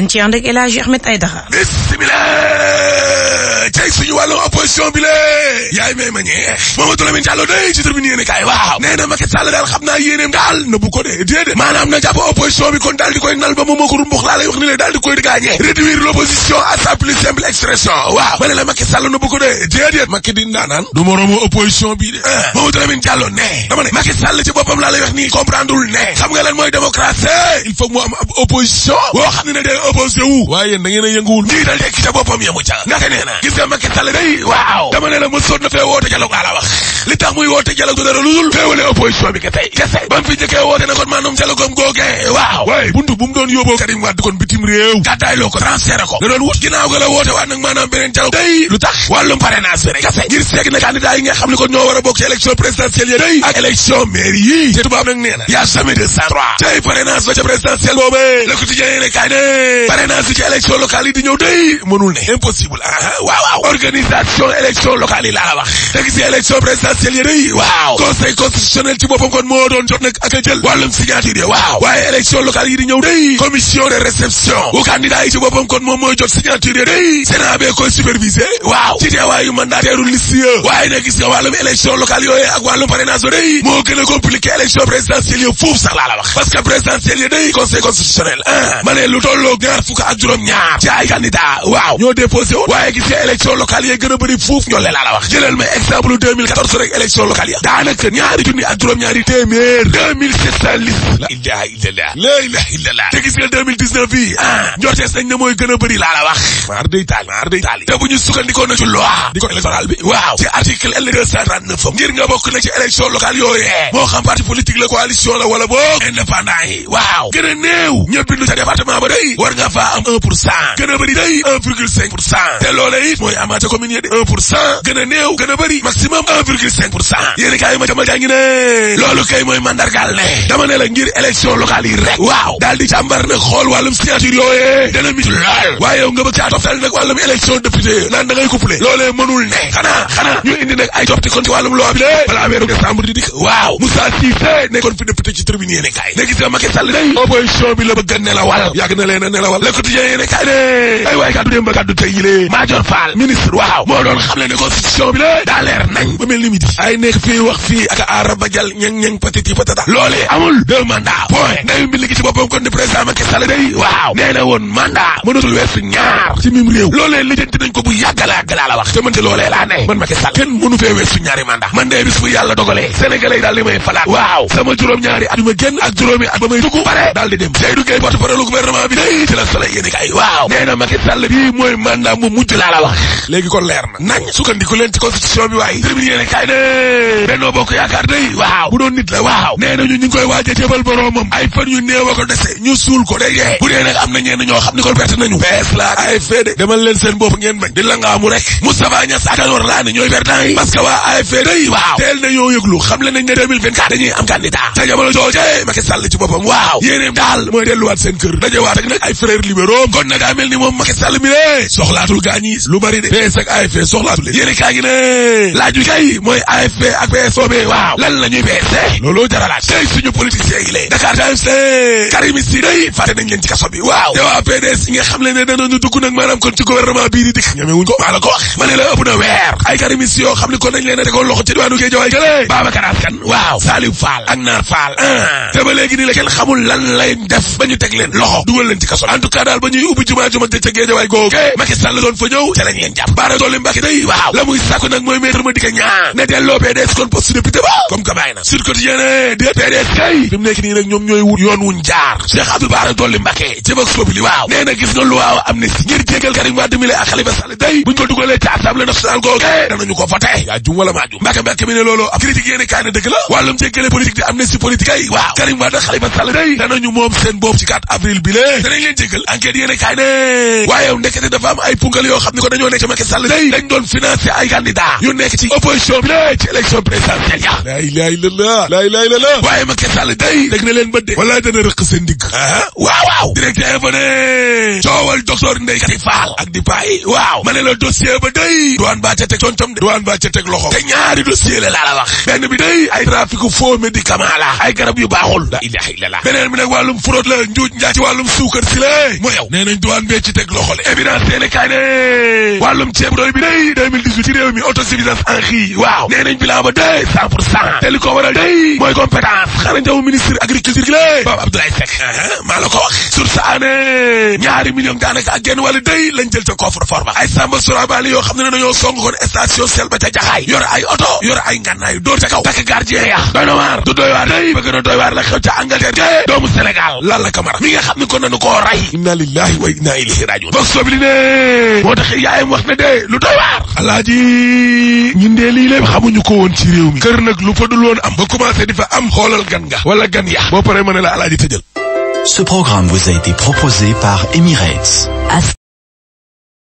dañ ci ànd ak El Hadji Ahmed Aïdara cay suñu wàllu opposition bi yaay may ma ñeex Mamadou Lamine Diallo day ci tribune yéene kaay waaw nee na Macky Sall daal xam naa yéeneem daal na bu ko dee déedéet maanaam na jàpp opposition bi kon daal di koy nal ba moom moo ko rumbux laa lay wax ni la daal di koy gaañee réduire l'opposition a sa plus simple expression waaw ma ne la Macky Sall na bu ko dee déedéet Macky di ndaanaan du moroomu opposition bi de ah. opposé wu waaye yéen da ngeen a yënguwul ñii da lekk ca boppam yemu ca ndaxte nee na gis nga Macky Sall day waaw dama ne la ma fee woote dialogue la wax tax muy woote dialogue dara lu dul féewale opposition bi kese kese ba mu fi njëkkee woote na kon maanaam dialogue am googee waaw waaye buntu bu mu woote waat nag maanaam beneen day a ak élection mairie yi te tubaab nag nee na y a jamais de sang trois tey ba ca présidentielle boobee parrainage bi ci élection locale yi di ñëw day mënul ne impossible aa ah, ah, waaw waaw organisation élection locale yi laa wax te gis nga élection présidentielle yi day waaw conseil constitutionnel ci boppam kon moo doon jot nag ak a jël wàllum signature yi waaw waaye élection locale yi di ñëw day commission de réception bu candidat yi ci boppam kon moom mooy jot signature yi day sénat bee koy supervisé waaw ci teewaayu mandataire liste ya waaye nag gis nga o a ñaar fukk ak juróom ñaar ci ay candidat waaw ñoo déposé woon waaye gis nga élection locale yi gën a bëri fuuf ñoo leen la wax jëlal ma exemple 2014 rek élection locale ya daanaka ñaari junni ak juróom ñaari téeméer 2700 liste la ilaha illallah la ilaha illallah te gis nga 2019 bi ah njortees nañ ne mooy gën a bëri laa la wax maar day taali maar day taali te bu ñu sukkandikoo na ci loi di ko bi waaw ci a war nga faa am 1 pour cent gën a bëri day 1 virgule 5 pour cent te loolee it mooy amaa a commune yi de 1 pour cent gën a néew gën a bëri maximum 1 virgule 5 pour cent yéeni kaay ma jama jaa ngi ne loolu kay mooy mandargaal ne dama ne ngir élection locale yi rek waaw daal di càmbar nag xool wàllum signature yooyee dana mit waaye yow nga bëgg caa toftal nag wàllum élection député naan da ngay couplé loolee mënul ne xanaa xanaa ñu indi nag ay jofti kon a nelawal le quotidien yéene kay ne ay waay kàddu démb ba kàddu tey yilee Madior Fall ministre waaw moo doon xam le ne constitution bi la daa leer nañ ba mel ni midi ay nekk fii wax fii ak araba jal ñang ñang patiti patata loolee amul deux mandats point ndayu mbi li ci boppam Wow, day waaw nee na woon mandat mënatul weesu ñaar ci mim réew loolee lijjanti nañ ko bu yàgg la la wax te man ci loolee laa ne man Macky Sall kenn mënu fee weesu ñaari mandat man day bis bu yàlla dogalee sénégalais yi daal di may sama juróom-ñaari at yu ma génn ak juróomi dugg pare daal di dem Seydou Gueye porte-parole gouvernement bi day ci la Soleil kay mu mujj la wax na nañ ci constitution bi kay bokk day bu nit la waaw nee ñu ñu koy waaje jébal boroomam ay fan ñu ko déggee bu dee nag am na ñenn ñoo xam ni kon perte nañu PS la AFP de demal leen seen bopp ngeen bañ di la rek Moustapha Niass ak laa ne ñooy perdant yi waa AFP day waaw teel na yoo yëglu xam le nañ ne 2024 dañuy am candidat sa jamono jooje Macky Sall ci boppam waaw yéeneem daal mooy delluwaat seen kër dajewaat ak nag ay frères libéraux kon nag mel ni moom Macky Sall mi ne soxlaatul gaañ lu bari de PS ak AFP soxlaatul waaw lan la nañ leen ci kaso bi waaw yow PDS yi xam le ne danañu dugg nag maanaam kon ci gouvernement bii di dikk ñamewuñ ko maa la ko wax ma ne la ëpp na weer ay karimis yoo xam ne kon nañ leen a tegoon loxo ci diwaanu géej waay Babacar Askan waaw Salib Fall ak Naar Fall ah. Ah. te ba léegi ni la kenn xamul lan lay def ba ñu teg leen loxo dugal leen ci kaso en tout cas daal ba ñuy ubbi jumaa ju mag ca géej waay googu Macky Sall doon fa ñëw ca lañ leen jàpp baara dolli Mbacké day waaw la muy sàkku nag mooy maître ma dikka ñaa ne PDS kon poste député ba comme que bàyyi na Quotidien ne kay fi mu nekk nii nag ñoom ñooy wut yoon wuñ jaar Cheikh Abdou dolli Mbàkke ci Vox Populi waaw nee na gis nga luwaaw amnistie ngir jéggal Karim Wade mi la Khalifa Sall day buñ ko ci assemblée nationale voté jum wala jum mi ne critique na la wàllum jéggale politique di amnistie politique ay waaw Karim Wade Khalifa Sall day danañu moom seen bopp ci 4 avril bi leen enquête ne dafa am ay pungal yoo xam ko dañoo nekk Macky Sall day dañ doon financer ay candidat yu ci opposition bi lé ci élection présidentielle ya laa ilaaha illallaah La ilaaha illallaah waaye Macky Sall day dégg na leen ba wala dana seen waaw waaw directeur ba ne coowal docteur Ndeye Khady Fall ak di bàyyi waaw ma ne ba day douane baa ca teg concom de douane baa ca teg loxo te ñaari dossier la laa la wax benn bi day ay trafic faux médicament la ay garab yu baaxul la ilaha illallah beneen bi nag wàllum la njuuj njaaj ci suukar si la mu yow nee nañ douane ci teg loxo le évidence teene kaay ne ceeb doy bi day 2018 ci réew mi autosuffisance en riz waaw nee nañ bilan ba day 100 pour cent te li ko waral day mooy compétence xarañtaw ministre agriculture wax sur sa année million daanaka a gen wala day lañ jël ca coffre fort ba ay samba surabaali yoo xam ne ne dañoo song kon station sel ba ca jaxaay yore ay oto yore ay ngànnaay door ca kaw takk gardien ya doy na waar du doy waar a doy waar la xew ca Angleterre te doomu Sénégal lan la kamara mi nga xam ne kon nañu ko rey inna lillahi wa inna ilayhi rajiun boog sobi li ne moo tax yaayam wax ne de lu doy waar alaaji ñun dee lii lépp xamuñu ko woon ci réew kër nag lu fa dul woon am ba commencé di fa am xoolal gan nga wala gan ya boo paree ma ne la alaaji tëjal Ce programme vous a été proposé par Emirates.